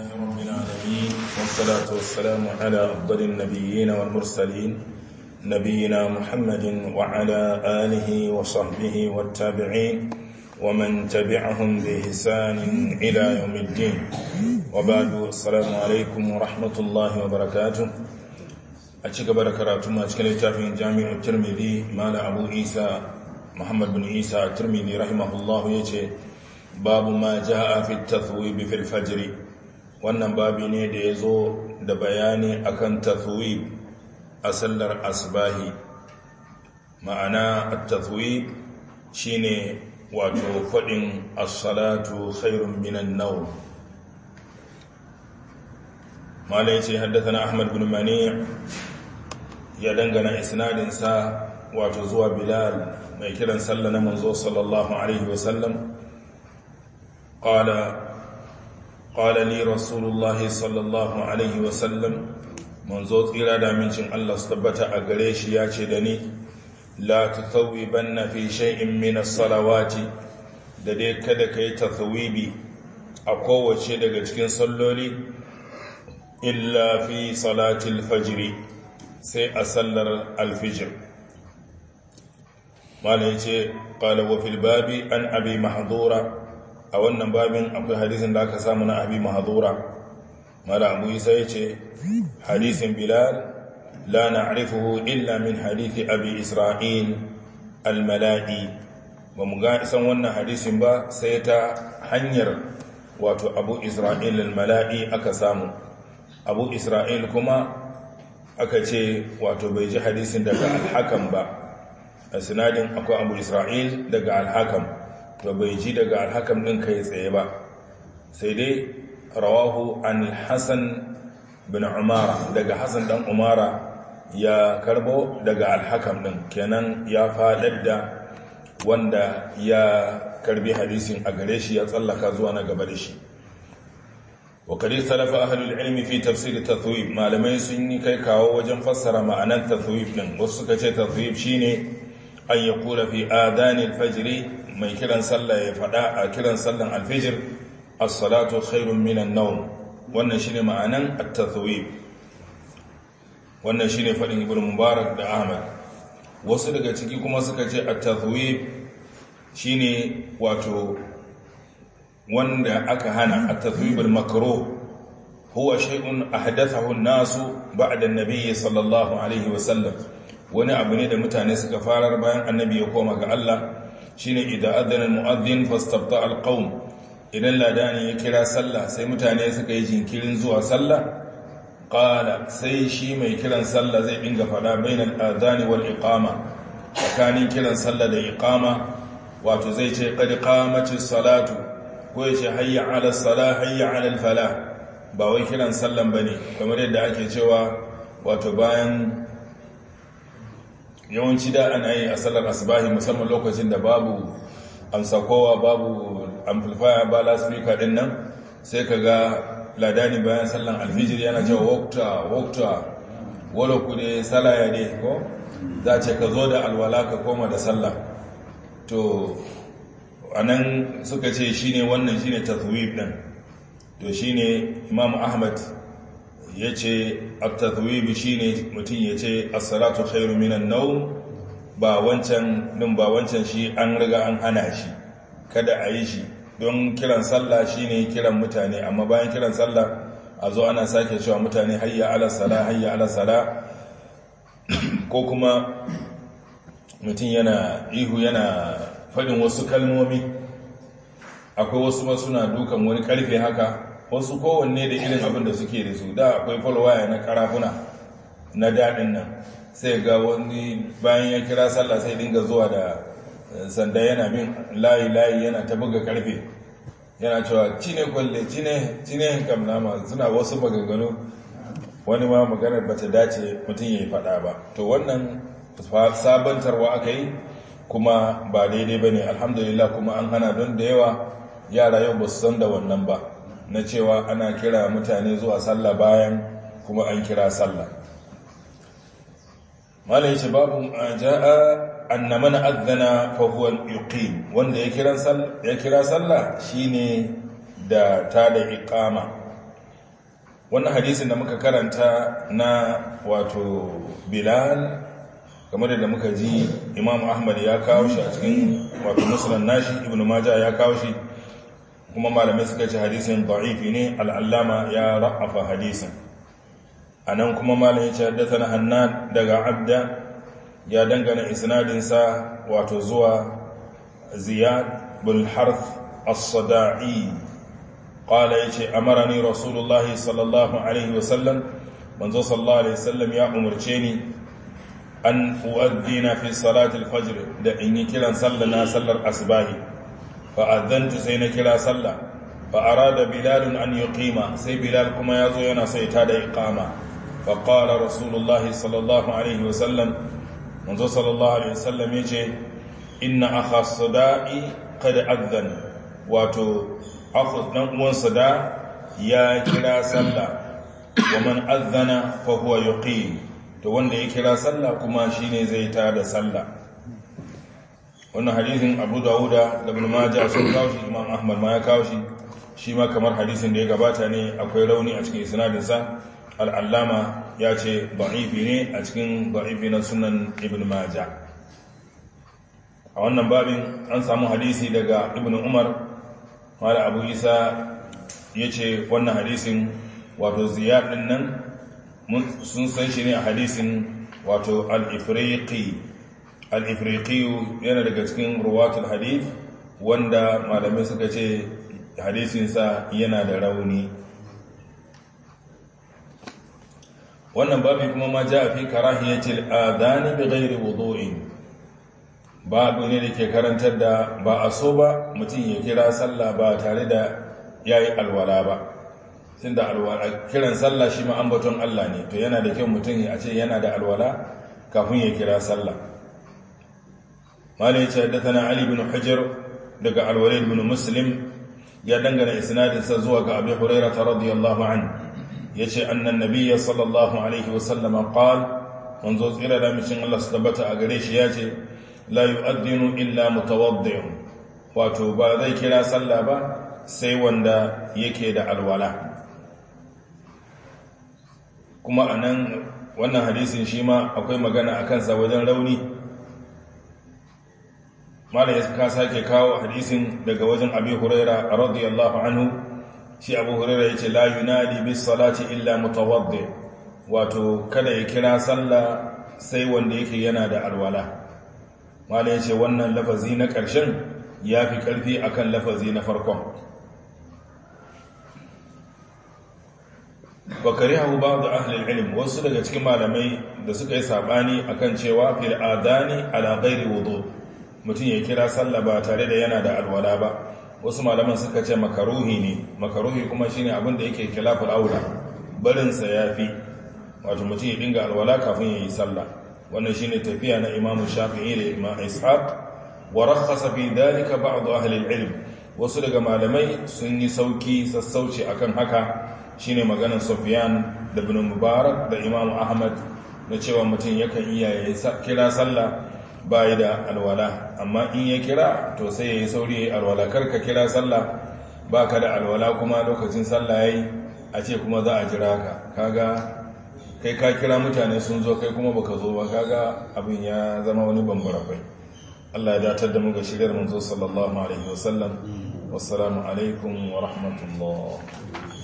لله رب العالمين والصلاة والسلام على أفضل النبيين والمرسلين نبينا محمد وعلى آله وصحبه والتابعين ومن تبعهم بإحسان إلى يوم الدين وبعد السلام عليكم ورحمة الله وبركاته أتشك بركاته ما أتشك لتافين جامع الترمذي مال أبو عيسى محمد بن عيسى الترمذي رحمه الله يجي باب ما جاء في التثويب في الفجر wannan babi ne da ya zo da bayani akan tafwib a sallar asbahi ma'ana at-tafwib shine wato fadin as-salatu khairun minan nawm malai ce haddathana ahmad bin mani ya dangana isnadin sa wato zuwa bilal mai kiran sallah na manzo sallallahu alaihi wasallam qala qala li rasulullahi manzo tsira da mincin Allah su tabbata a gare shi ya ce da ni la tutawibanna fi shay'in min as-salawati da dai kada kai tathawibi a kowace daga cikin salloli illa fi salatil fajiri sai a sallar alfijir malai ce qala babi an abi Mahzura. a wannan babin akwai hadisin da aka samu na abi mahadura mara abu isa ya ce hadisin bilal la na'rifuhu illa min hadithi abi isra'il al-mala'i ba mu ga isan wannan hadisin ba sai ta hanyar wato abu isra'il al-mala'i aka samu abu isra'il kuma aka ce wato bai ji hadisin daga al-hakam ba a sinadin akwai abu isra'il daga al-hakam to bai ji daga alhakam ɗin kai tsaye ba sai dai rawahu an hassan bin umara daga hassan ɗan umara ya karbo daga alhakam ɗin kenan ya faɗar da wanda ya karbi hadisin a gare shi ya tsallaka zuwa na gaba da shi wakari salafa ahalul ilmi fi tafsir tathwib malamai sun yi kai kawo wajen fassara ma'anar tathwib din wasu suka ce tathwib shine an ya kula fi adanil fajri mai kiran sallah ya faɗa a kiran sallan alfijir as-salatu khairun minan nawm wannan shine ma'anan at-tathwib wannan shine faɗin ibnu mubarak da ahmad wasu daga ciki kuma suka ce at-tathwib shine wato wanda aka hana at-tathwib al-makruh huwa shay'un ahdathahu an-nasu ba'da an-nabiy sallallahu alaihi sallam. wani abu ne da mutane suka farar bayan annabi ya koma ga Allah shine idan adana mu'adhdhin fastabta alqaum idan ladani ya kira sallah sai mutane suka yi jinkirin zuwa sallah qala sai shi mai kiran sallah zai dinga fada bainal adani wal iqama tsakanin kiran sallah da iqama wato zai ce qad qamatis salatu ko ya ce hayya ala salah hayya ala falah ba wai kiran sallan bane kamar yadda ake cewa wato bayan yawanci da ana yi a sallar asibahi musamman lokacin da babu amsakowa babu amplifier ba lasfika din nan sai ka ga ladani bayan tsallar alfijir yana cewa "Wokta, Wokta, wadda ku ne ya ne ko za ce ka zo da alwala ka koma da sallah to a nan suka ce shine wannan shine tazwib din to shine imam ahmad ya ce at shi shine mutum ya ce as-salatu khairu minan nawm ba wancan din ba wancan shi an riga an hana shi kada a yi shi don kiran sallah shine kiran mutane amma bayan kiran sallah a zo ana sake cewa mutane hayya ala sala hayya ala sala ko kuma mutum yana ihu yana faɗin wasu kalmomi akwai wasu ma suna dukan wani karfe haka wasu kowanne da irin abin da suke da su da akwai falwaya na karafuna na daɗin nan sai ga wani bayan ya kira sallah sai dinga zuwa da eh, sanda yana min layi-layi yana ta buga karfe yana cewa cine kwalle cine cine kam nama suna wasu maganganu wani ma maganar bata dace mutum ya yi faɗa ba to wannan sabantarwa aka yi kuma ba daidai ba ne alhamdulillah kuma an hana don da yawa yara yau ba su san da wannan ba na cewa ana kira mutane zuwa sallah bayan kuma an kira sallah malai ce babu ja'a anna na adhana fa huwa yuqim wanda ya kira sallah ya kira shine da ta da iqama wannan hadisin da muka karanta na wato bilal kamar da muka ji imam ahmad ya kawo shi a cikin wato musulun nashi ibn majah ya kawo shi kuma malamai suka ce hadisin da'ifi ne al'allama ya ra'afa hadisin a nan kuma malamai ya ce haddasa na hannan daga abda ya dangana isnadinsa wato zuwa ziyad bin harth as-sada'i qala yace amarani rasulullahi sallallahu alaihi wasallam manzo sallallahu alaihi wasallam ya umarce ni an uaddina fi salati al-fajr da in yi kiran sallar na sallar asbahi fa'azanta sai na kira sallah fa'ara da bilalun an yi ƙima sai bilal kuma ya zo yana sai ta da iƙama faƙara rasulullahi sallallahu alaihi wasallam manzo sallallahu alaihi wasallam ya ce inna aka sada'i kada adzan wato aka ɗan uwan sada ya kira sallah wa man adzana fa huwa ƙi? to wanda ya kira sallah kuma shi ne zai ta da sallah wannan hadisin abu dawuda da bulmaja sun kawo shi imam ahmad ma ya kawo shi shi ma kamar hadisin da ya gabata ne akwai rauni a cikin isnadinsa al'allama ya ce ba'ifi ne a cikin ba'ifi na sunan ibn maja a wannan babin an samu hadisi daga ibn umar mara abu isa ya ce wannan hadisin wato ziyar nan sun san shi ne a hadisin wato al-ifriqi al yana daga cikin ruwatul hadith wanda malamai suka ce hadisinsa yana da rauni wannan babi kuma ma ja fi karahiyatil adani bi gairi wudu'in babu ne da ke karantar da ba a so ba mutum ya kira sallah ba tare da ya yi alwala ba da alwala kiran sallah shi ma'ambaton Allah ne to yana da kyau mutum ya ce yana da alwala kafin ya kira sallah malai ce haddathana ali bin hujr daga al bin muslim ya dangana isnadinsa zuwa ga abi ta radiyallahu an yace annan nabiyya sallallahu alaihi wasallam qala manzo tsira da mishin Allah su tabbata a gare shi ya ce la addinu illa mutawaddi'un wato ba zai kira sallah ba sai wanda yake da alwala kuma anan wannan hadisin shi ma akwai magana a kansa wajen rauni malam ya ka sake kawo hadisin daga wajen abi huraira radiyallahu anhu shi abu huraira yace la yunadi bis salati illa mutawaddi wato kada ya kira sallah sai wanda yake yana da alwala malam yace wannan lafazi na karshen yafi karfi akan lafazi na farkon bakarihu ba'd ahli al wasu daga cikin malamai da suka yi sabani akan cewa fil adani ala ghairi wudu' mutum ya kira sallah ba tare da yana da alwala ba wasu malaman suka ce makaruhi ne makaruhi kuma shine abin da yake khilaful aula Barinsa ya fi. wato mutum ya dinga alwala kafin ya yi sallah wannan shine tafiya na Imam Shafi'i da Imam Ishaq wa rakhasa fi dalika ba'd ahli al-ilm wasu daga malamai sun yi sauki sassauci akan haka shine maganar Sufyan da Ibn Mubarak da Imam Ahmad na cewa mutum yakan iya kira sallah bayi da alwala amma in ya kira to sai ya yi sauri ya yi alwala karka kira sallah ba ka da alwala kuma lokacin sallah ya a ce kuma za a jira ka kaga kai ka kira mutane sun zo kai kuma baka zo ba kaga abin ya zama wani bambarafai Allah ya datar da mu ga shigar manzo sallallahu alaihi wasallam wassalamu alaikum wa rahmatullah